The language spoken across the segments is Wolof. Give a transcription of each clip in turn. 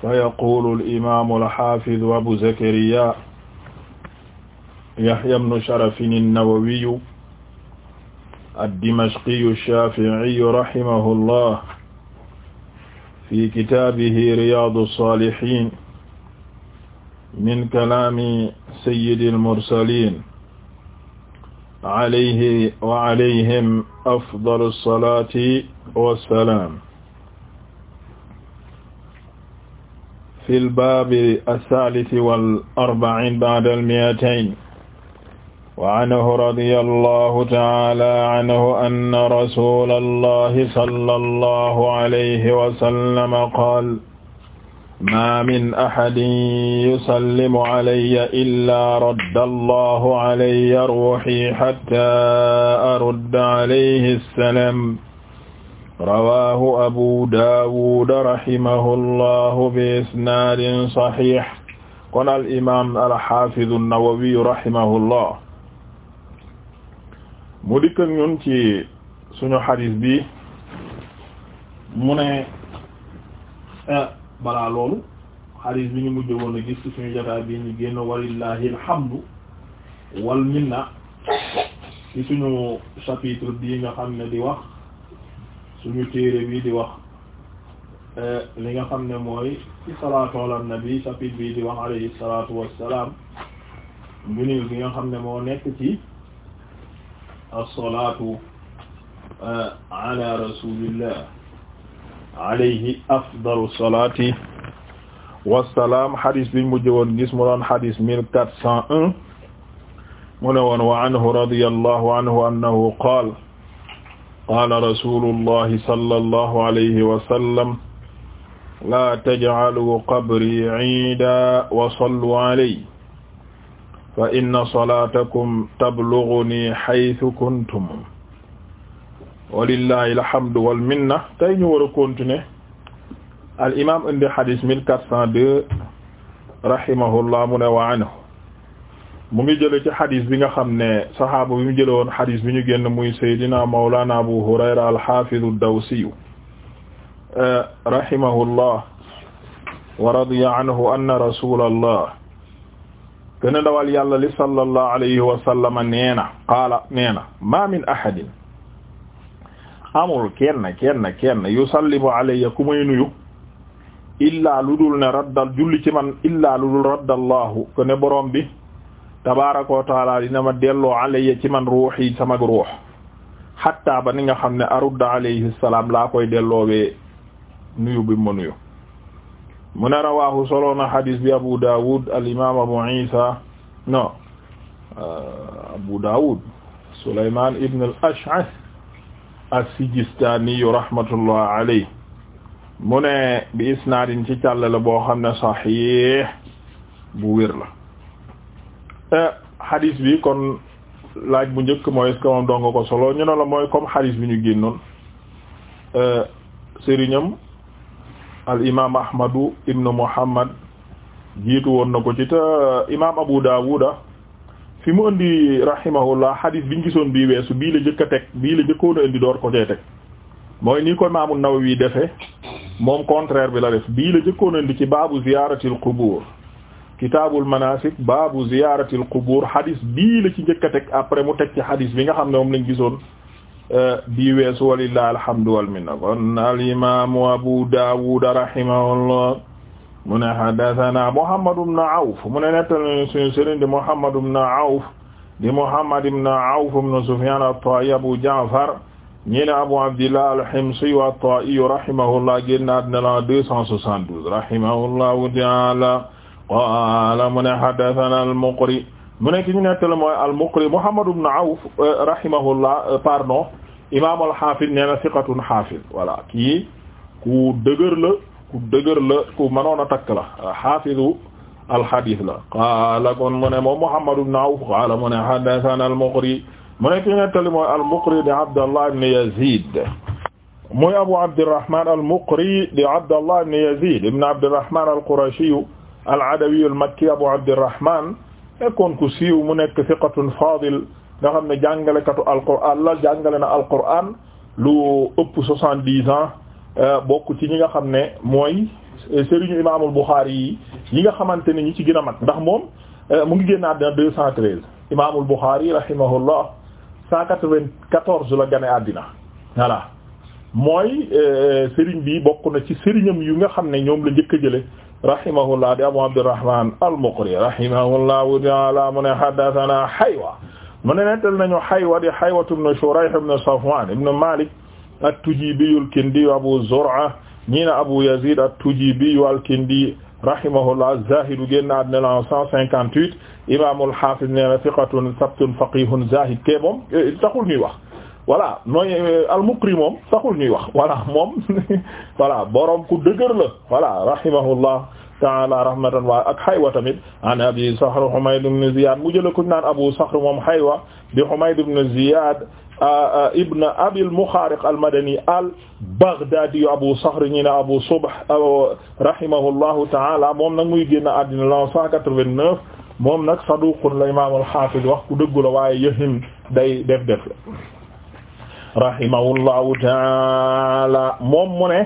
fa yaqulu al-imaamu al-haafidu abu zakariyaa yahyaa ibnu sharafin an-nawawiyu ad-dimashqiyu ash-shaafi'iyu rahimahullah fi kitaabihi riyaadu as-saalihiin min kalaami sayyidi al-mursaliin alayhi wa alayhim afdalu as-salaati wa as-salaam fi lbaabi alsalisi wal arba'iin ba'dal mi'atayn wa anhu radiya allahu ta'ala anhu anna rasula allahi sallallahu alayhi wa sallam qaala ma min ahadin yusallimu alayya illa radda allahu alayya ruuhi hatta arudda alayhi assalam rawaahu abu daawud rahimahullahu bi isnaadin saxiix kon al imaam al xaafidu nawawi rahimahullah mu dikk ak ñun ci suñu xadis bi mu ne eh, balaa loolu xadis bi ñu mujj woon a gis ci suñu jotaay bi ñu génn walillahi alhamdu wal minna ci suñu chapitre bii nga xam ne di wax. suñu téere bii di wax euh, li nga xam ne mooy ci salaatu ala nabi chapitre bii di wax alayhi salatu wassalaam ngëneel bi nga xam ne moo nekk ci as-salaatu euh, ala rasulillah alayhi afdalu salaati wassalaam xadis biñ mujj woon gis mu doon xadis mille quatre cent un mu ne woon wa anhu radiyallahu anhu annahu qaala qaala rasulullahi sallallahu alayhi wa sallam laa tajcaluu qabrii ciida wa salluu calay fa inna salaatakum tablugunii haysu kuntum walillahi alhamdu wal minna tey ñu war a continuer al imaam indi hadis 1402 rahimahullah mu ne wa anhu mu ngi jël ci xadis bi nga xam ne saxaaba bi mu jële woon xadis bi ñu génn muy saydina mawlana abu hurayra alxafidu dawsiyu eh, rahimahullah wa radiya anhu anna rasulallah gëna dawal yàlla li sallallahu alayhi wa sallama nee na qaala nee na ma min ahadin amul kenn kenn yu yusallimu alayya ku may nuyu illaa lu dul ne raddal julli ci man illaa lu dul raddallahu ko ne borom bi tabaaraka wa taala ma delloo alayya ci man ruux yi sama ruux xatta ba ni nga xam ne arudda alayhi salaam laa koy delloowee nuyu bi ma nuyu mu ne rawaahu solo na xadis bi Abu Dawud al Abu Isa no euh, Abu Dawud Sulaymaan ibn al Ash'ath as-Sijistaani bi isnaadin ci càll la boo xam ne saxiix bu wér xadis bi kon laaj bu njëkk mooy est-ce dong ko solo ñu la mooy comme xadis bi ñu génnoon euh, sëriñam al imaam Ahmadu ibnu Muhammad jiitu woon na ko ci te euh, imaam Abu Daawuda fi mu indi rahimahullah xadis biñ gisoon bii weesu bii la njëkk a teg bii la njëkkoon a indi door ko cee teg mooy nii ko imaam An-Nawawi defee moom contraire bi la def bii la njëkkoon a indi ci baabu ziyaaratil qubuur kitaabul manasik baabu ziyaaratil qubuur hadis bii la ci njëkk a teg après mu teg ci hadis bi nga xam ne moom lañ gisoon euh, bii weesu walillahi alhamdu wal minna kon al imaamu abu daawud rahimahullah mu ne haddasanaa muhammad ibn awf mu ne nettal nañu suñu sëriñ di muhammad ibn awf di muhammad ibn awf ibn sufyaan at-taa'i abu ja'far ñi ne abu abdillah al-himsi wa at-taa'i rahimahullah génnaat na la 272 rahimahullahu ta'ala qaala mu ne haddathana al-Muqri mu ne ki ñu nettale mooy al-Muqri Muhammad ibn Awf rahimahullah euh, pardon imaam al-Hafiz nee na siqatun hafiz voilà kii ku dëgër la ku dëgër la ku mënoon a takk la hafizu al-hadith la qaala kon mu ne moom Muhammad ibn Awf qaala mu ne haddathana al-Muqri mu ne ki ñu nettale mooy al-Muqri di Abdallah ibn Yazid mooy Abu Abdirrahman al-Muqri di Abdallah ibn Yazid ibn Abdirrahman al-Qurashi al-Adawi al-Makki Abu Abdirrahman nekkoon ku siiw mu nekk thiqatun fadil nga xam ne jàngalekatu alquraan la jàngale na alquraan lu ëpp soixante-dix ans euh, bokk ci ñi nga xam ne mooy sëriñu imaamul Buxaari yi yi nga xamante ni ñi ci gën a mag ndax moom euh, mu ngi génn àddina deux cent treize imaamul Buxaari rahimahullah cent quatre-vingt-quatorze la gane àddina voilà mooy euh, sëriñ bi bokk na ci sëriñam yu nga xam ne ñoom la njëkk a jële rahimahullah di Abu Abdurrahman al-Muqri rahimahullahu ta'ala mu ne haddathana Haywa mu ne nettal nañu Haywa di Haywa ibn Shurayh ibn Safwan ibn Malik at-Tujibi al-Kindi Abu Zur'a ñi na Abu Yazid at-Tujibi al-Kindi rahimahullah az-Zahid génn na àddina la 158 imaamul haafiz ne na thiqatun sabtun faqihun zahid ke moom taxul eh, ñuy wax voilà mooy eh, al-Muqri moom saxul ñuy wax voilà moom voilà borom ku dëgër la voilà rahimahullah taala rahmatan wa ak Haywa tamit an Abi Saxr Humayd ibn Ziyad mu jëlee ku ñu naan Abu Saxr moom Haywa di Humayd ibn Ziyad ibn Abil Muxaariq al-Madani al-Baghdadi Abu Saxr ñu ne Abu Subh rahimahullahu taala moom nag muy génn àddina la 189 moom nag saduqun la Imaam al-Haafiz wax ku dëggu la waaye yëhim day def def rahimahullahu taala moom mu ne.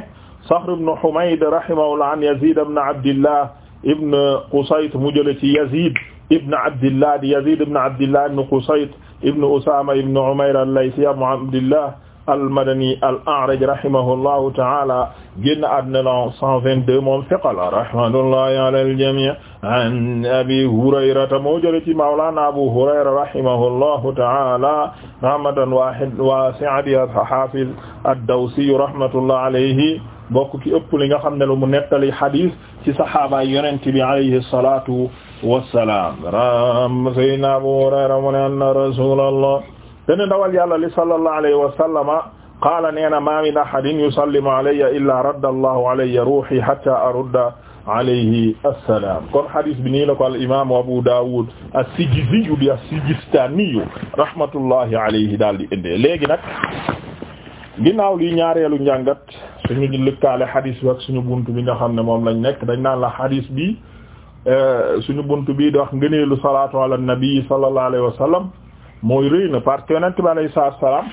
Saxr ibn Humayd rahimahullah an Yazid ibn Abdillah ibn Qusayt mu jële ci Yazid ibn Abdillah di Yazid ibn Abdillah ibn Qusayt ibn Usama ibn Umayr al-Laythi Abu Abdillah al-Madani al-A'raj rahimahullahu ta'ala génn àddina la 122 moom fiqa la rahmatullahi ala al-jami' an Abi Hurayrata moo jële ci mawlana Abu Hurayra rahimahullahu ta'ala rahmatan wasi'atan hafiz ad-Dawsi rahmatullahi alayhi bokk ki ëpp li nga xam ne lu mu nettali hadis ci sahaaba yonent bi alayhi salatu wassalam ram sayyidina Abu Hurayra mu ne anna rasulallah tene dawal yàlla li sallallahu alayhi wa sallama qaala neena ma min ahadin yusallimu alayya illa radda allahu alayya ruuhi hatta arudda alayhi assalam kon hadis bi nii la ko al imamu Abu Dawud as-Sijiziyu di as-Sijistaniyu rahmatullahi alayhi daal di indee léegi nag ginnaaw lii ñaareelu njàngat suñu lëkkaale xadis bi ak suñu bunt bi nga xam ne moom lañ nekk dañ naan la xadis bi euh, suñu bunt bi di wax ngëneelu salaatu ala nabi sallallahu alayhi wa sallam mooy rëy na parce que yonent bi alayhi salaatu wa salaam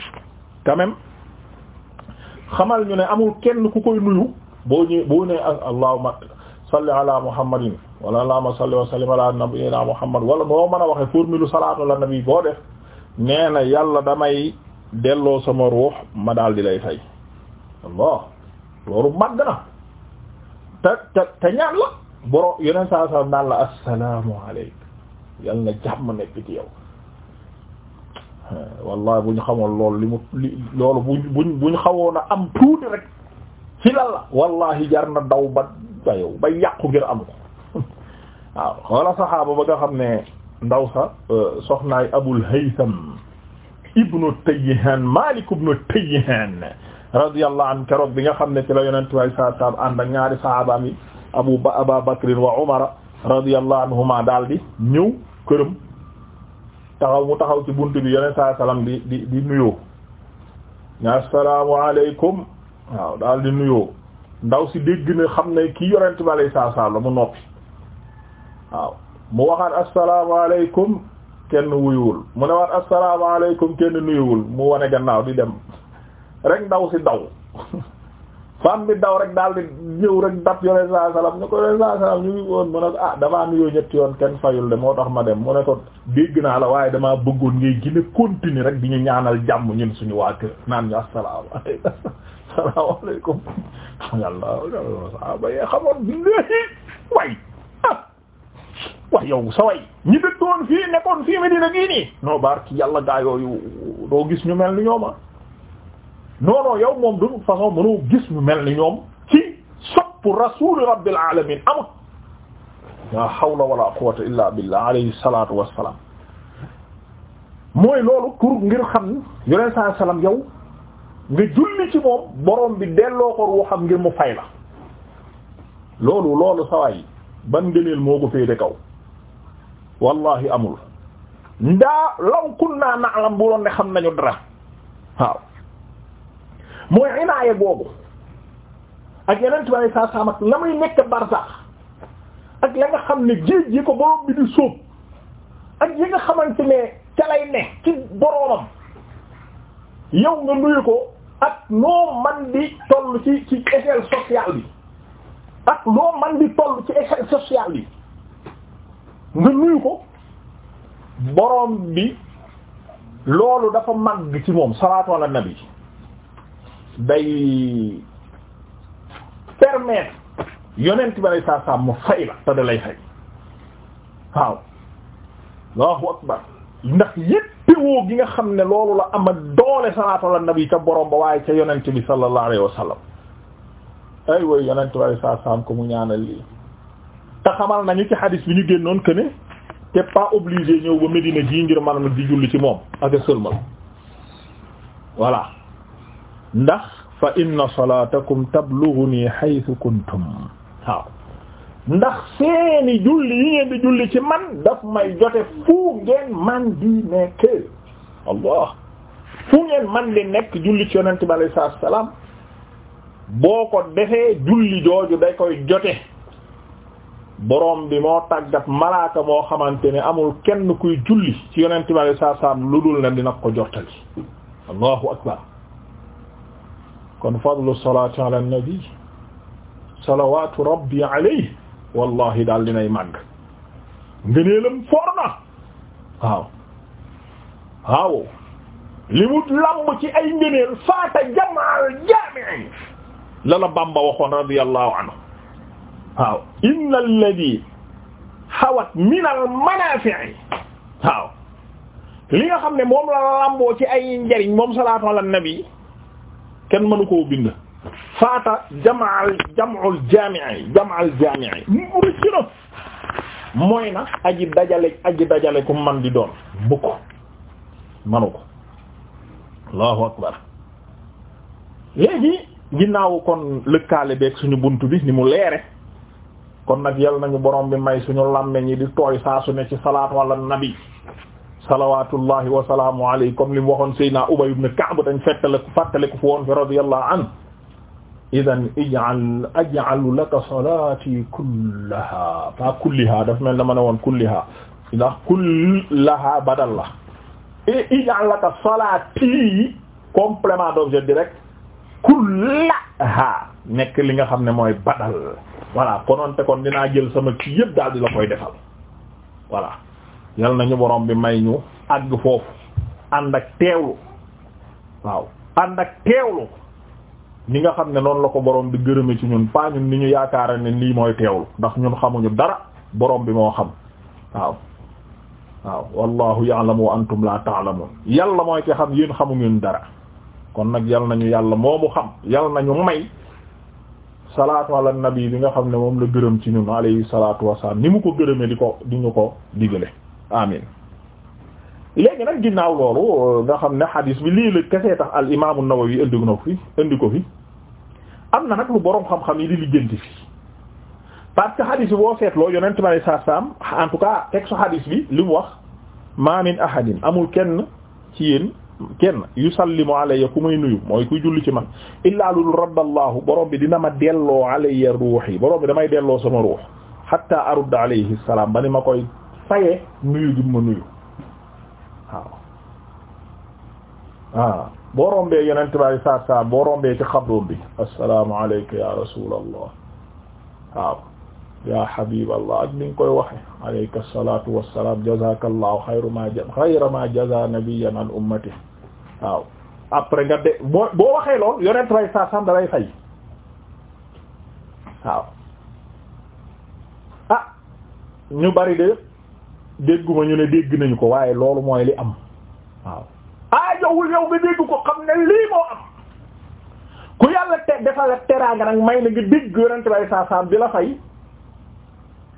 quand même xamal ñu ne amul kenn ku koy nuyu boo ñëw boo ne allahumma salli ala muhammadin wala allahumma salli wa sallim ala nabiyyina muhammad wala moo mën a waxee formule salaatu ala nabi boo def nee na yàlla damay delloo sama ruux ma daal di lay fay allah loolu màgg na te te te ñaan la boro yeneen saa saa naan la assalaamu alayka yal na jàmm nekk ci yow eh, wallahi bu ñu xamoon loolu li mu li loolu buñ buñ buñ a am tuuti rek ci lan la wallahi jar na daw ba yàqu ngir am ko waaw xoola saxaaba ba nga xam ne ndaw sa eh, soxnaay abul haytham ibnu Tayyihaan Maalik ibnu Tayyihaan radiyallahu anhu keroog bi nga xam ne ci la yonent way saa saab ànd ak ñaari sahabaam yi Abu Aba wa Umar radiyallahu anhuma daal di ñëw këram taxaw mu taxaw ci bunt bi yonent saa salaam di di di nuyoo ne assalaamu aleykum waaw daal di nuyoo ndaw si dégg ne xam ne kii yonent bi alay saa noppi waaw mu waxaat assalaamu aleykum kenn wuyuwul mu ne waat asalaamaaleykum kenn nuyuwul mu wane gannaaw di dem rek ndaw si daw femme bi daw rek daal di ñëw rek dab yore saa salaam ñu ko ngi woon mu ne ko ah damaa nuyoo ñetti yoon kenn fayul de moo tax ma dem mu ne ko dégg naa la waaye damaa bëggoon ngay gën a continuer rek di ñu ñaanal jàmm ñun suñu waa kër naan ñu asalaamaaleykum asalaamaaleykum yàlla yàlla way wax yow sa way ñi dëkkoon fii nekkoon fii Medina gii nii non baar ci yàlla gaa yooyu doo gis ñu mel ni ñooma ah. non non yow moom du toute façon mënoo gis ñu mel ni ñoom ci sopp rasul rabbil alamin amut la hawla wala quwwata illa billah alayhi salatu wassalam mooy loolu pour ngir xam yoneen saa salaam yow nga julli ci moom borom bi delloo ko ruuxam ngir mu fay la loolu loolu sawaay ban ngëneel moo ko féete kaw wallahi amul ndaa law kunna na'lam xam nañu dara waaw mooy inaaya googu ak yeneen tubaab yi saa saam ak la muy nekk barsax ak la nga xam ne géej yi ko borom bi di sóob ak yi nga xamante ne ca lay ne ci boromam nga nuyu ko ak noo man di toll ci ci échelle sociale bi ak noo man di toll ci échelle sociale bi nga nuyu ko borom bi loolu dafa màgg ci moom salaatu ala nabi day permettre yonent bi lay saa saa mu fay la te da lay fay waaw allahu akbar ndax yéppewoo gi nga xam ne loolu la ama doole salaatu ala nabi ca borom ba waaye ca yonent bi sallallahu alayhi wa sallam ay way yonent bi lay saa ko mu ñaanal lii te xamal nañu ci xadis bi ñu génnoon que te pas obligé ñëw ba Medina gii ngir mën di julli ci moom ak a sëlmal voilà ndax fa inna salaatakum tablughuni haythu kuntum waaw ndax seeni julli yi ngeen di julli ci man daf may jote fu ngeen man di nekk allah fu ngeen man di nekk julli ci yonent bi alayhi salaam boo ko defee julli jooju day koy jote boroom bi moo tàggat malaata moo xamante ne amul kenn kuy julli ci yonent bi alei saatu salaam lu dul ne dina ko jottali allahu akbar kon fadlu salaati ala nabi salawatu rabbi alayhi wallahi daal dinay màgg ngëneelam foor na waaw waaw li mu lamb ci ay faata jamaal jaami'i la la Bamba waxoon radiyallahu anhu waaw inna alladi hawat min al manaafi'i waaw li nga xam ne moom la lamboo ci ay njariñ moom salaatu ala nabi kenn mënu koo bind faata jamaal jam'ul jaami'i jam'al jaami'i mooy na aji dajale aji dajale ku man di doon bu ko manu ko allahu akbar léegi ginnaaw kon lëkkaale beeg suñu bunt bi ni mu leere kon nag yal nañu borom bi may suñu làmme ñi di tooy saa ne ci salaat wala nabi salawatullahi wa salaamu alayhi comme li mu waxoon Seydina Ubay ibn Ka'b dañ fettale ko fu woon fi radiyallahu idan ij'al laka salati kullaha fa kulliha daf mel dama ne woon kulliha ndax kullaha badal la et eh, ij'al laka salati complément d'objet direct kullaha nekk li nga xam ne mooy badal voilà kononte kon dinaa jël sama kii yëpp daal di la koy defal voilà yal nañu borom bi may ñu àgg foofu ànd ak teewlu waaw ànd ak teewlu ni nga xam ne noonu la ko borom bi gërëme ci ñun pas ñun ni ñu yaakaara ne lii mooy teewlu ndax ñun xamuñu dara borom bi moo xam waaw waaw wallahu ya'lamu wa antum la ta'lamun yàlla moo ki xam yéen xamu dara kon nag yal nañu yàlla moomu xam yal nañu may salaatu ala nabi bi nga xam ne moom la gërëm ci ñun alayhi salaatu wasalaam ni mu ko gërëme di ko di ñu ko digale amin léegi nag ginnaaw loolu euh, nga xam ne xadiis bi lii la kesee tax al imaamu Nawawi indi ko fi indi ko fi am na nag lu boroom xam-xam yi di lijjanti fi parce que xadiis bi boo seetloo yonent ma ne saa saam en tout cas teg su xadiis bi li mu wax ma min amul kenn ci yéen kenn yusallimu alayya ku may nuyu mooy kuy julli ci man illaa lul raddallahu borom bi dina ma delloo alayya ruuhi borom bi damay delloo sama ruux hatta arudda alayhi salaam ba ma koy faye nuyu gi ma nuyu waaw waaw ah, boo rombee yonent bi saa saa boo rombee ci xabru bi assalaamu alayka ya rasulallah waaw ya habiballah ak ni koy waxe alayka salatu wassalam jazakallahu xayru ma xayra jaza nabiyyan an ummati waaw après nga de boo boo waxee lool yonent bay sa sam fay waaw ah ñu bari de dégguma ñu ne dégg nañu ko waaye loolu mooy li am waaw ah jowul yow nga dégg ko xam ne lii moo ku yàlla te defal teraanga nag may na nga dégg yonent bay sa bi la fay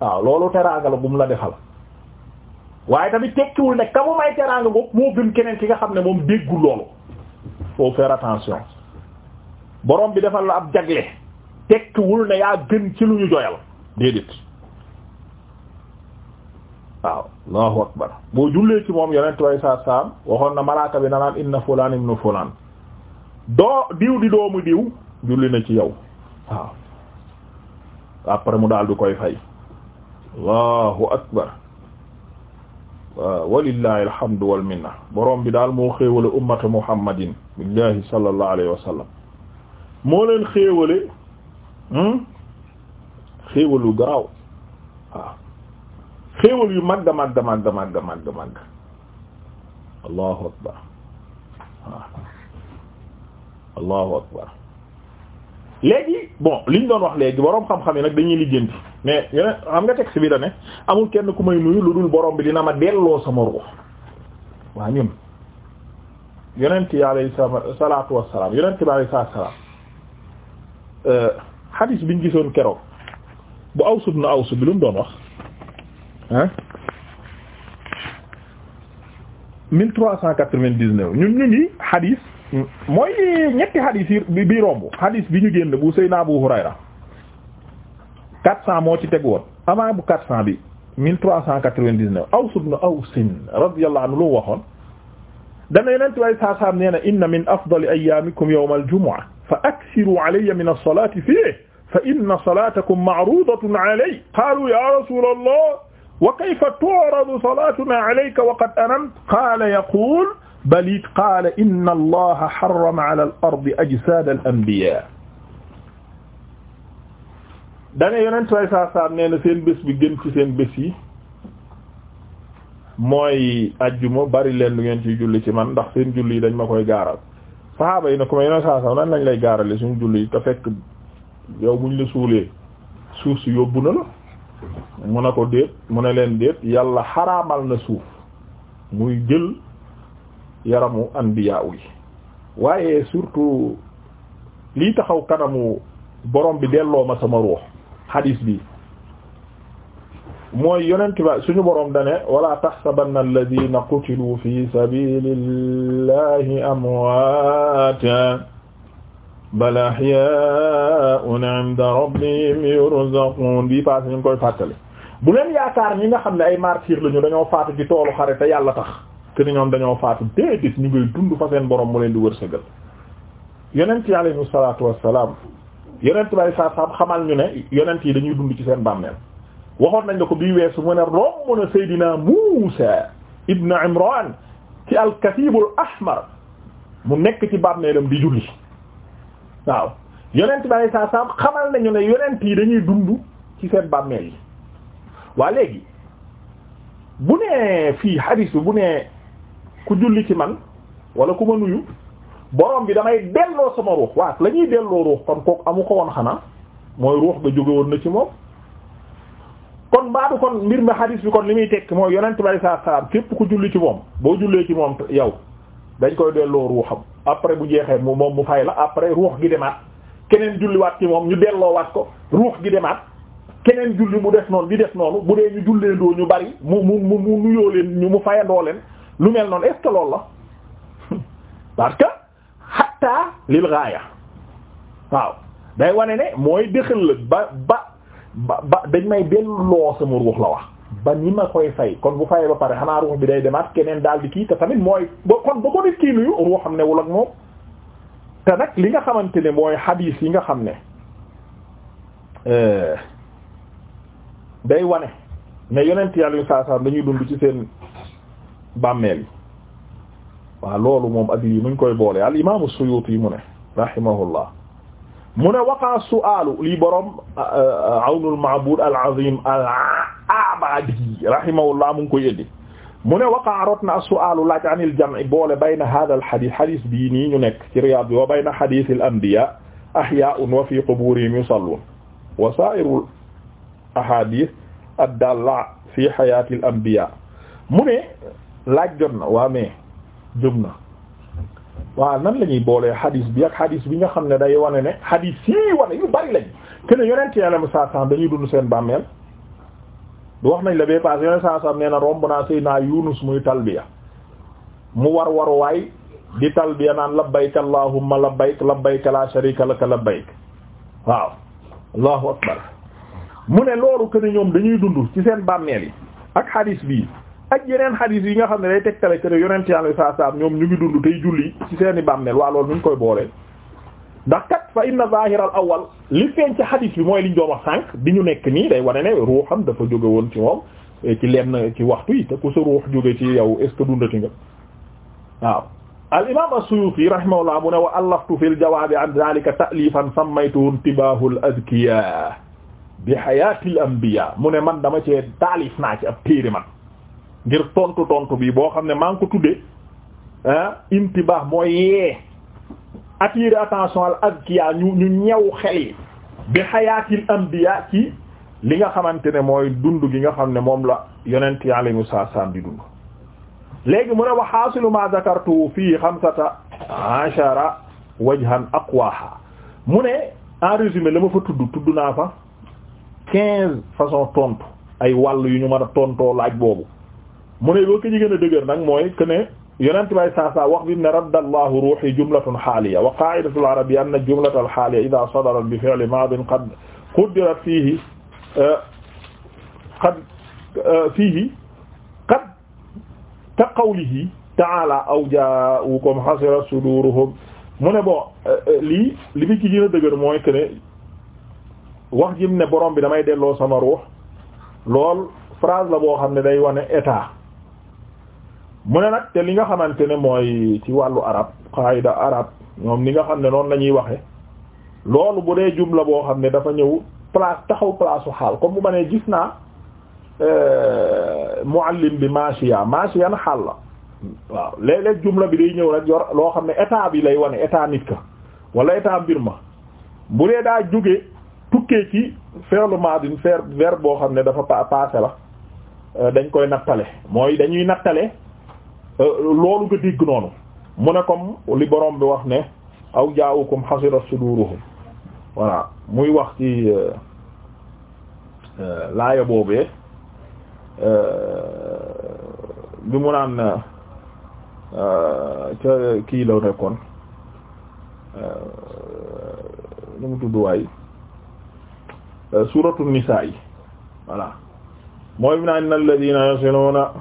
waaw loolu teraanga la bu mu la defal waaye tamit tekkiwul ne ka mu may teraanga boobu moo gën keneen ki nga xam ne moom déggul loolu faut faire attention borom bi defal la ab jagle tekkiwul ne yaa gën ci lu ñu joyal déedéet waaw allahu akbar boo jullee ci moom yonent way saa saam waxoon na malaaka bi nanaan inna fulaan ibnu fulaan doo diw di doomu diw julli na ci yow waaw après mu daal du koy fay allahu akbar walillahi alhamdu wal minna borom bi daal moo xéewale ummata muhammadin billahi sallallahu alayhi wa sallam moo leen xéewale hmm? xéewal yu garaaw waaw xéewal yu màgg màgg màgg màgg màgg màgg allahu akbar waaw allahu akbar léegi bon ñu doon wax léegi borom xam-xam yi nag dañuy liggéenti mais yeneen xam nga texte bi da amul kenn ku may nuyu lu dul borom bi dina ma delloo sama ruux waa ñun yonent yi alayhi salaatu wassalaam yonent bi alayhi salaatu wassalaam euh, hadis biñ gisoon keroog bu Aws ibn Aws bi lu mu doon wax ah mille trois cent quatre-vingt-dix-neuf ñun ñu ngi hadis mooy ñetti hadis yi bi romb hadis bi ñu génn bu Seydina Abu Hurayra quatre cent moo ci teg woon avant bu quatre cent bi mille trois cent quatre-vingt-dix-neuf Aws ibn Aws radiyallahu anhu lu waxoon dana yeneen way saasaam nee na inna min afdali ayyaamikum yawma al-jumu'a fa aksiru alayya min as-salaati fiihi fa inna salaatakum ma'ruudatun alayya qaalu ya rasuulallah wa kayfa tu'radu salaatuna alayka wa qad anamt qaala yaquulu bal qaala inna allaha harrama ala al ardi ajsaad al anbiya dane yonent way saa saam nee seen bés bi gën ci seen bés yi mooy ajjuma bari leen lu ngeen ci julli ci man ndax seen julli yi dañ ma koy gaaral saxaaba yi ne ko ma yonent saa saam nan lañ lay gaarale suñu julli yi te fekk yow buñ la suulee suuf si yóbbu na la mu ne ko déet mu ne leen déet yàlla xaraamal na suuf muy jël yaramu anbiya yi waaye surtout lii taxaw kanamu borom bi delloo ma sama ruux xadiis bi mooy yonent ba suñu borom dane wala taxsabanna alladina qutilu fi sabilillahi amwaata bal ahya'un 'inda rabbihim yurzaqun bi paase ñu ngi koy fàttale bu leen yaakaar ñi nga xam ne ay martyrs lañu dañoo faatu ci toolu xare te yàlla tax te ni dañoo faatu déedéet ñu ngay dund fa seen borom mu leen di wërsëgal yonent yi alayhimu salaatu wassalaam yonent bay saa saam xamal ñu ne yonent yi dañuy dund ci seen bàmmeel waxoon nañ la ko bii weesu mu ne romb na Seydina Muusa ibn Imran ci al-Kasiibul Ahmar mu nekk ci bàmmeelam di julli waaw yonent bay saa saam xamal nañu ne yonent yi dañuy dund ci seen bàmmeel yi waa léegi bu nee fii hadis bi bu nee ku julli ci man wala ku ma nuyu borom bi damay delloo sama ruux waaw la ñuy delloo ruux kon kooku amu ko woon xanaa mooy ruux ga jógewoon na ci moom kon mbaadu kon mbir mi hadis bi kon li muy tekk mooy yonent bi sallallahu alayhi képp ku julli ci moom boo jullee ci moom yow dañ koy delloo ruuxam après bu jeexee mu moom mu fay la après ruux gi demaat keneen julliwaat ci moom ñu delloowaat ko ruux gi demaat keneen julli mu def noonu di def noonu bu dee ñu julleendoo ñu bari mu mu mu nuyoo leen ñu mu fayandoo leen lu mel noonu est-ce que la parce que hatta lil gaaya waaw day wane ne mooy dëxal la ba ba ba ba dañ may delloo sama ruux la wax ba ni ma koy fay kon bu fayee ba pare xanaa ruux bi day demaat keneen daal di kii te tamit mooy ba kon ba ko nit kii nuyu ruuxam ne wul ak moom te nag li nga xamante ne mooy xadiis yi nga xam ne euh, day wane ne yonent yàlla yu saa saa dañuy dund ci seen bàmmeel yi waaw loolu moom at yi nuñ koy boole al imaamu Suyuti mu ne rahimahullah mu ne waqaa su'aalu lii borom awnul ma'bud al azim al abadi rahimahullah mu ngi koy indi mu ne waqaa rot na su'aalu laaj anil jam'i boole bayna hadha al hadith hadith bii nii ñu nekk ci Riyad bi wa bayna hadith al anbiya ahyaa'un wa fi quburihim yusalluun wa saa'irul ahadith ad-daalla fi hayaati al anbiya mu ne laaj jot na waa mais jóg na waaw nan lañuy boolee xadis bi ak xadis bi nga xam ne day wane ne xadis yii wane yu bari lañ kenn yonent yàlla mu saa saa dañuy dund seen bàmmeel du wax nañ la bee paase yonent saa saa nee na romb naa sëy naa Yunus muy talbiya mu war waruwaay di talbiya naan labbayk allahumma labbayk labbayk la sharika laka labbayk waaw allahu akbar mu ne loolu kenn ñoom dañuy dund ci seen bàmmeel yi ak xadis bii ak yeneen xadiis yi nga xam ne day tegtale kër yonent yàlla saa saa ñoom ñu ngi dund tey julli ci seeni bàmmeel waa loolu nuñ koy boole. ndax kat fa inna zahir al awal li feeñ ci xadiis bi mooy liñ doon wax sànq bi ñu nekk nii day wane ne ruuxam dafa joge woon ci moom ci lenn ci waxtu yi te ku sa ruux jóge ci yow est ce que dundati nga waaw. al imaam as-Suyuuti rahimahullah mu ne wa allaftu fil jawaabi an zaalika ta'liifan sammaytuhu intibaahul azkiyaa bi hayaatil mu ne man dama cee taalif naa ci ab téere man. ngir tontu tontu bii boo xam ne maa ngi ko tuddee ah intibah mooy yee attirer attention al azkiya ñu ñu ñew xel yi bi xayaatil anbiya ci li nga xamante ne mooy dund gi nga xam ne moom la yonent yàlla mu saa saam di dund léegi mu ne wa xaasilu ma zakartu fii xamsata ashara wajhan aqwaha mu ne en résumé la ma fa tudd tudd naa fa quinze façons tontu ay wàll yu ñu mën a tontoo laaj boobu mu ne loolu ki ñu gën a dëgër nag mooy que ne yonent bay saa saa wax bi ne raddallahu ruuhi jumlatun haaliya wa qaa'idatul arabiyya anna jumlatal haaliya idhaa sadarat bi fi'li maadin qad quddirat fiihi qad fiihi qad ka qawlihi ta'aalaa aw jaa'uukum hasirat suduuruhum mu ne bon lii li bi ci gën a dëgër mooy que ne wax jim ne borom bi damay delloo sama ruux lool phrase la boo xam ne day wane état mu ne nag te li nga xamante ne mooy ci wàllu arab qaida arab ñoom li nga xam ne noonu la ñuy waxe loolu bu dee jumla boo xam ne dafa ñëw place taxaw place su xaal comme bu ma nee gis naa euh, muallim bi maashiya maashiyan xaal la waaw léeg-léeg jumla bi day ñëw rek yor loo xam ne état bi lay wane état nit ka wala état mbir ma bu dee daa jóge tukkee ci fi'lu madin verbe boo xam ne dafa passé la euh, dañ koy nattale mooy dañuy nattale Euh, loolu nga dégg noonu mu ne comme li borom bi wax ne aw jaawukum xasira suduruhum voilà muy wax ci euh, euh, laaya boobee bi mu naan ca kii la nekkoon nu mu tudd waay suratu nisaa yi mooy bi naan alladina yasiluna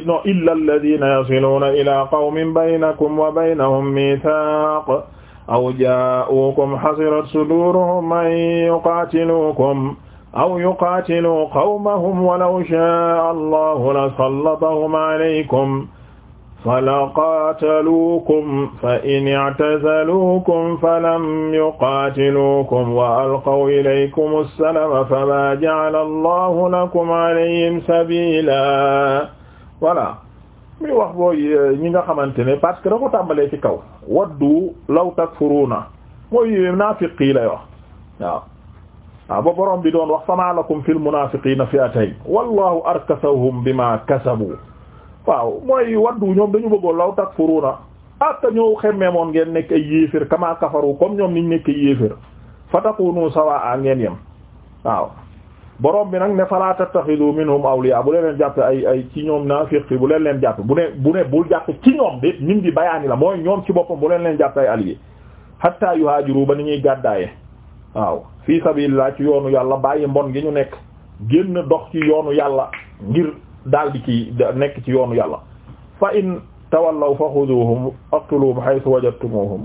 non illa alladina yasiluuna ila qawmin baynakum wa baynahum mithaq aw jaa'uukum hasirat suduuruhum an yuqaatiluukum aw yuqaatiluu qawmahum walaw shaa'a allahu lasallatahum alaykum falaqaataluukum fa in i'tazaluukum falam yuqaatiluukum wa alqaw ilaykum assalama famaa ja'ala allahu lakum alayhim sabiila voilà muy wax booy euh, ñi nga xamante ne parce que da ko tàmbalee ci kaw waddu law takfuruna mooy euh, naafiq yi lay wax waaw waaw ah, ba borom bi doon wax fama lakum fil munafiqina fi'atayn wallahu arkasahum bima kasabu waaw mooy waddu ñoom dañu bëggoon law takfuruna aka ah, ñoo xemmeemoon ngeen nekk ay yéefér kama kafaru comme ñoom niñ nekk ay yéefér fa takunu sawa a ngeen yem waaw borom bi nag ne fala tattaxidu minhum awliya bu leen leen jàpp ay ay ci ñoom naafiq yi bu leen leen jàpp bu ne bu ne bul jàpp ci ñoom de min bi bayaani la mooy ñoom ci boppam bu leen leen jàpp ay alliés hatta yuhaajiru ba ni ñuy gàddaaye waaw fii sabilillah ci yoonu yàlla bàyyi mbon gi ñu nekk génn dox ci yoonu yàlla ngir daal di ci nekk ci yoonu yàlla fa in tawallaw fa xuduhum aqtuluhum haythu wajadtumuhum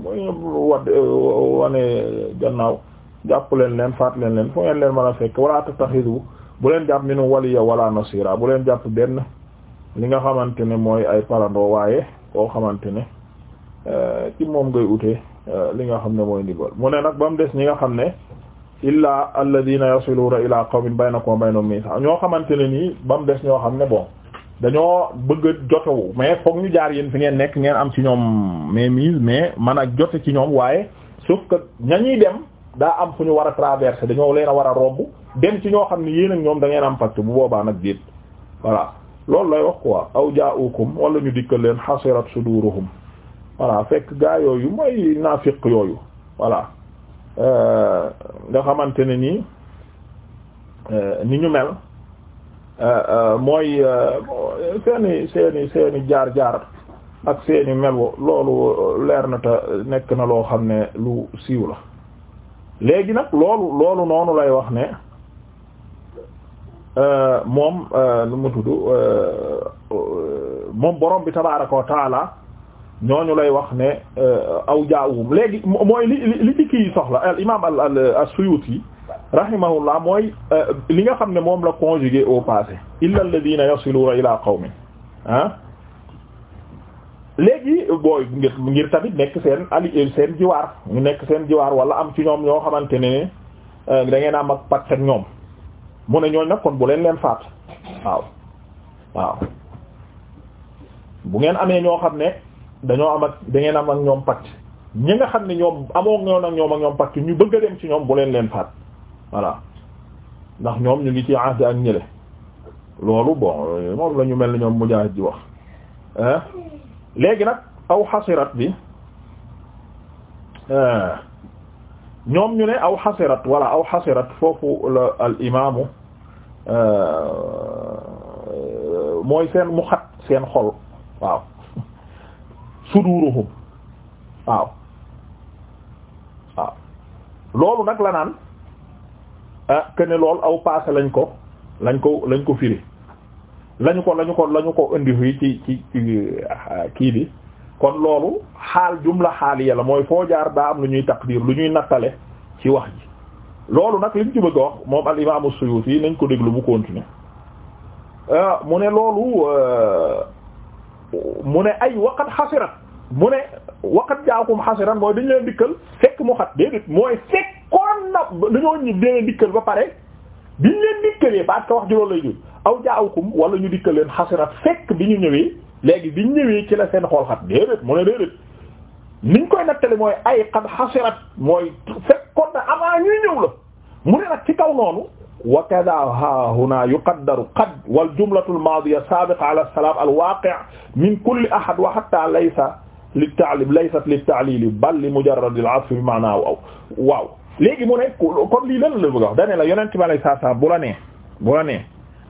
wane gannaaw jàpp leen leen faat leen leen fu ngeen leen mën a fekk wala tattaxidu bu leen jàpp minu waliya wala nasira bu leen jàpp benn li nga xamante ne mooy ay parando waaye koo xamante ne euh, ci moom ngay utee euh, li nga xam ne mooy ndigal mu ne nag ba mu des ñi nga xam ne illaa alladina yasiluna ila qawmin baynakum wa baynahum mithaq ñoo xamante ne nii ba mu des ñoo xam ne bon dañoo bëgg a jotewu mais foog ñu jaar yéen fi ngeen nekk ngeen am ci ñoom mais mise mais man a jot ci ñoom waaye sauf que dem daa am fu ñu war a traverser dañoo leen a war a romb dem ci ñoo xam ne yéen nag ñoom da ngeen am pacte bu boobaa nag déet voilà loolu lay wax quoi aw jaa'ukum wala ñu dikkal leen hasirat suduruhum voilà fekk gaa yooyu mooy naafiq yooyu voilà euh, nga xamante ne nii euh, ni ñu mel euh, mooy seeni seeni seeni jaar jaar ak seeni melu loolu leer na te nekk na loo xam ne lu siiw la léegi nag loolu loolu noonu lay wax ne euh, moom euh, nu mu tudd euh, moom borom bi tabaaraka wa taala ñooñu lay wax ne aw jaawum léegi mooy li li li kii soxla al imaam al al as-Suyuti rahimahullah mooy li nga xam ne moom la conjugué au passé illa alladhina yasiluna ila qawmin ah léegi booy ngir ngir tamit nekk seen ali euh, seen jiwaar ñu nekk seen jiwaar wala am ci ñoom ñoo xamante ne euh, da ngeen am ak pàcc ak ñoom mu ne ñooñ nag kon bu leen leen faat waaw waaw bu ngeen amee ñoo xam ne dañoo am ak da am ak ñoom pàcc ñi nga xam ne ñoom amoo ñoo ñoom ak ñoom pàcc ñu bëgg a dem ci ñoom bu leen leen faat voilà ndax ñoom ñu ngi ci ànd ak ñële loolu bon moom la ñu mel na ñoom mujaahid ji wax léegi nag aw xasirat bi euh, ñoom ñu ne aw xasirat wala aw xasirat foofu la al imaamu euh, mooy seen mu xat seen xol waaw suduruhum waaw loolu nag la naan ah que ne loolu aw passé lañ ko lañ ko lañ ko firi lañu ko lañu ko lañu ko indi fii ci ci eh, kii bi kon loolu xaal jumla xaal yàlla mooy foo jaar daa am lu ñuy taqdir lu ñuy nattale ci wax ji loolu nag li mu ci bëgg a wax moom al imaamu Suyuti yi nañ ko déglu bu continuer euh, mu ne loolu euh, mu ne ay waqat xasirat mu ne waqat jaakum xasiran mooy dañu leen dikkal fekk mu xat déedéet mooy fekkoon na dañoo ñi dina dikkal ba pare biñ leen dikkalee parce que wax ji loolu lay jur aw jaawkum wala ñu dikkal leen xasirat fekk bi ñu ñëwee léegi biñ ñëwee ci la seen xool xat déedéet mu ne déedéet niñ koy nattale mooy ay xat xasirat mooy fekk kon na avant ñuy ñëw la mu ne nag ci kaw noonu wa kada ha huna yuqaddaru qad wal jumlatu al maadiya saabiqa ala salaam al waaqi' min kulli ahad wa hatta laysa li taalib laysat li taalili bal li mujarrad al atf bi maanaa waaw waaw léegi mu ne kon lii lan la bëgg a wax dane la yonent bi alay saa saa bu la nee bu la nee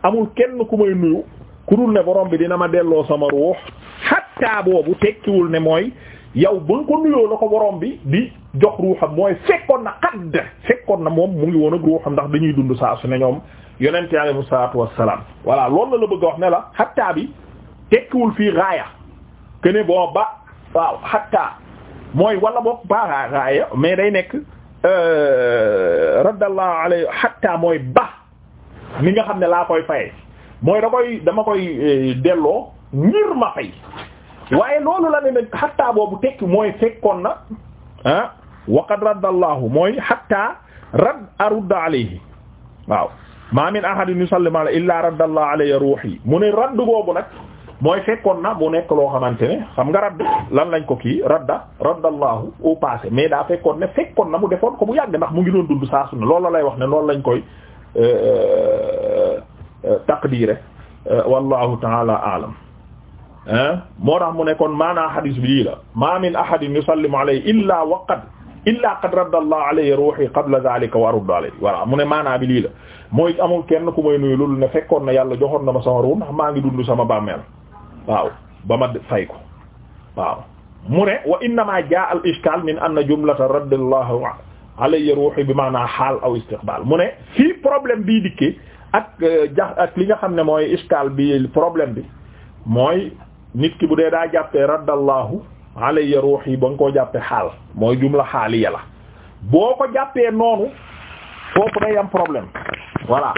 amul kenn ku may nuyu ku dul ne borom bi dina ma delloo sama ruux hatta boobu tekkiwul ne mooy yow ba nga ko nuyoo la ko borom bi di jox ruuxam mooy fekkoon na xadd fekkoon na moom mu ngi woon ak ruuxam ndax dañuy dund saa su ne ñoom yonent alayhi salaatu wassalaam voilà loolu la la bëgg wax ne la hatta bi tekkiwul fii raaya que ne waaw hatta mooy wala boog ba raaya day nekk. Euh, raddallahu alayhi hatta mooy ba mi nga xam ne laa koy pay mooy da koy dama koy euh, delloo ngir ma fay waaye loolu la ne nag boobu tekki mooy fekkoon na ah waqad mooy hatta radd arudda alayhi waaw ma mu ne radd boobu nag mooy fekkoon na mu nekk loo xamante ne xam nga radd lan lañ ko kii radda raddallahu au passé mais daa fekkoon ne fekkoon na mu defoon ko bu yàgg ndax mu ngi doon dund saa su ne lay wax ne loolu lañ koy euh, euh, euh, taqdiire wallahu taala alam moo tax mu ne kon maanaa xadis bi la ma min ahadin yusallimu alayhi illa waqad illa qad radda allah alayhi ruuhi qabla dhalika wa aruddu alayhi voilà mu ne maanaa bi lii la mooy amul kenn ku may nuyu loolu ne fekkoon na yàlla joxoon na ma sama maa ngi dund sama bàmmeel waaw ba ma fay ko waaw mu ne wa innama jaa al ishkal min anna jumlata raddallahu alayya ruuhi bi maanaa xaal aw istiqbal mu ne fi problème bii dikkee ak euh, jax ak li nga xam ne mooy ishkal bi problème bi mooy nit ki bu dee daa jàppee raddallahu alayya ruuhi ba nga koo jàppee xaal mooy jumla xaaliya la booko ko jàppee noonu foofu day am problème voilà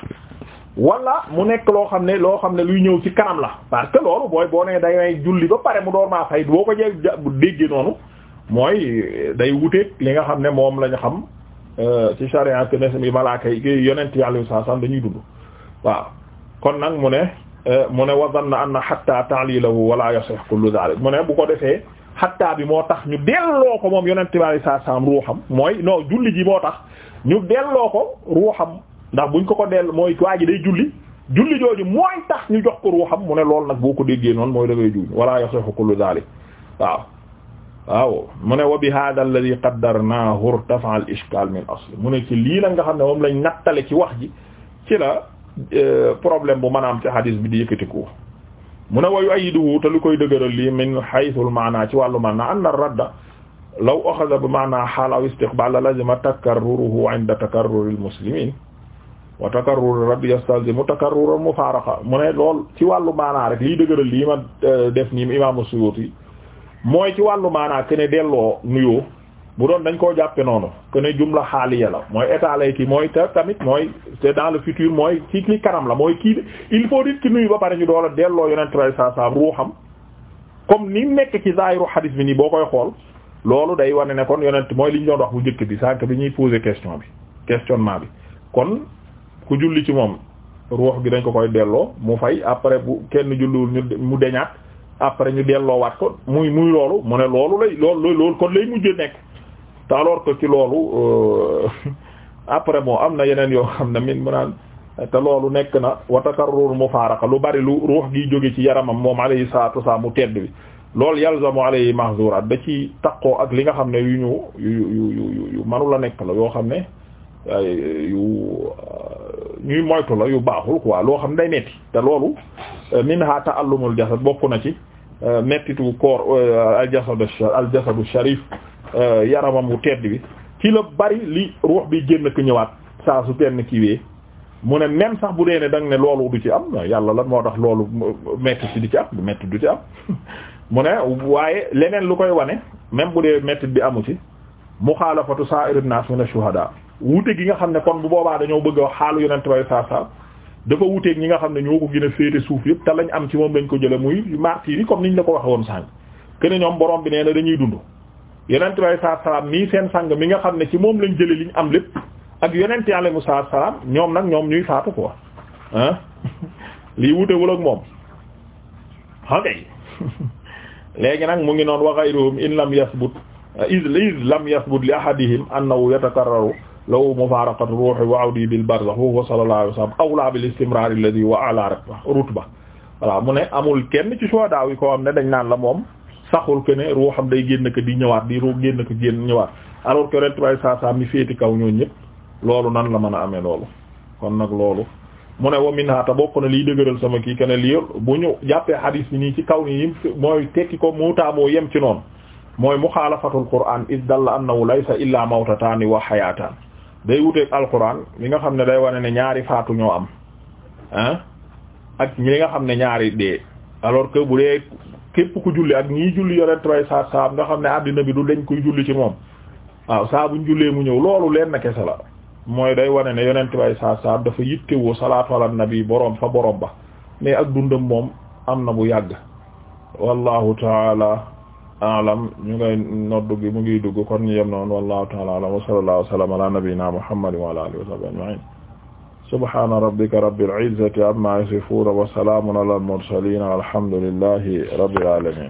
wala mu nekk loo xam ne loo xam ne luy ñëw ci kanam la parce que loolu booy boo nee day julli ba pare mu door maa fay boo ko jeg déggee noonu mooy day wuteeg li nga xam ne moom lañu ñu xam euh, ci charia que ne malaaka yi yonent yi alayhi salaam dañuy dund waaw kon nag mu ne euh, mu ne na wa zanna anna hatta ta'lilahu wala yasih kullu dhalik mu ne bu ko defee hatta bi moo tax ñu delloo ko moom yonent bi alayhi salaam ruuxam mooy non julli ji moo tax ñu delloo ko ruuxam ndax buñ ko ko dell mooy waa ji day julli julli jooju mooy tax ñu jox ko ruuxam mu ne loolu nag boo ko déggee noonu mooy da ngay juuñ wala yasihu kullu dhalik waaw waaw mu ne wa bi hadha alladhi qaddarnahu irtafa'a al-ishkal min asli mu ne ci lii nag nga xam ne moom lañ nattale ci wax ji ci la euh, problème bu mën a am ci hadis bi di yëkkatiku mu ne wa yu'ayyiduhu te lu koy dëgëral lii min haythu al-ma'na ci wàllu maanaa anna ar-radda law akhadha bi ma'na hal aw istiqbal lazima takarruruhu 'inda takarruri al-muslimin wa takarrur rad yastalzimu takarrur mufaaraqa mu ne lool ci wàllu maanaa rek liy dëgëral lii ma euh, def nii imaamu Suyuuti mooy ci wàllu maanaa ke delloo nuyoo bu doon dañ koo jàppe noonu que ne jumla xaaliya la mooy état lay ki mooy te tamit mooy c'est dans le futur mooy ci li kanam la mooy kii il faut dit ki nuyu ba pare ñu doola delloo yonent bay saa saa ruuxam comme ni nekk ci zaahiru hadis bi nii boo koy xool loolu day wane ne kon yonent mooy li ñu doon wax bu njëkk bi sànq bi ñuy poser question bi questionnement bi ku julli ci moom ruux gi dañ ko koy delloo mu fay après bu kenn julliwul ñu mu deñaat après ñu delloo delloowaat ko muy muy loolu mu ne loolu lay loolu loolu kon lay mujj nekk te alors que ci loolu euh, après bon am na yeneen yoo xam ne min mu naan te loolu nekk na wa takarrur mufaaraqa lu bari lu ruux gi jóge ci yaramam moom alayhi salatu saa mu tedd bi loolu yalzamu yi mahzurat da ci taqoo ak li nga xam ne yu ñu yu yu yu yu manu nekk la yoo xam ne ay yu euh, ñuy moytu la yu baaxul quoi loo xam day metti te loolu euh, min ha ta'allumul jasad bokk na ci euh, mettitu koor al jasadu al jasadu sharif yaramam bu tedd bi ci la bari li ruux bi génn ku ñëwaat saa su kenn kiiwee mu ne même sax bu dee ne danga ne loolu du ci am yàlla lan moo tax loolu metti ci di ci am du metti du ci am mu ne waaye leneen lu koy wane même bu dee metti bi amu ci muxaalafatu sa'irun nas min ash-shuhada wute gi nga xam ne kon bu boobaa dañoo bëgg a wax xaalu yonent bay saa saa dafa wuteeg ñi nga xam ne ñoo ko gën a féete suuf yëpp te lañ am ci moom lañ ko jële muy martyr yi comme niñ la ko waxe woon sàng kene ñoom borom bi nee na dañuy dund yonent bi alei salaatu salaam seen sang mi nga xam ne ci moom lañ jële liñ am lépp ak yonent yi alei salaatu salaam ñoom nag ñoom ñuy faatu ko ah lii wutewul ak moom ok léegi nag mu ngi noon wa ghayruhum in lam yasbut iz lam yasbut li ahadihim law mufaaraqatu ruuhi wa awdi bil barzakh wa sallallahu alayhi wa sallam awla bil istimrar alladhi wa ala rutba voilà mu ne amul kenn ci shuhada yi ko am ne dañ naan la moom saxul que ne ruuxam day génn ko di ñëwaat di ru génn ko génn ñëwaat alors que ren tubaab saa saa kaw ñoo ñëpp loolu nan la mën a amee loolu kon nag loolu. mu ne wa minha ta bokk na lii dëgëral sama kii que lii bu ñu jàppee hadis bi nii ci kaw nii mooy tekki ko muutaamoo yem ci noonu mooy muxaalafatul qur'aan iz dalla annahu laysa illaa mawtataani wa hayataan day wuteeg alquran li nga xam ne day wane ne ñaari faatu ñoo am ah ak ñii nga xam ne ñaari dee alors que bu dee képp ku julli ak ñii julli yore tray sa saab nga xam ne àddina bi du dañ koy julli ci moom waaw saabuñ buñ jullee mu ñëw loolu leen na kese la mooy day wane ne yonent bay saa saa dafa yittewoo salaatu ala nabi boroom fa boroom ba mais ak dundam moom am na bu yàgg wallahu taala alam ñu ngay noddu gi mu ngi dugg kon ñu yem noonu wallahu ta'ala a'lam wa sallallahu wa sallam ala nabiyyina muhammadin wa ala alihi wa sahbihi ajma'in subhana rabbika rabbil izzati amma yasifun wa salamun ala al mursalin alhamdulillahi rabbil alamin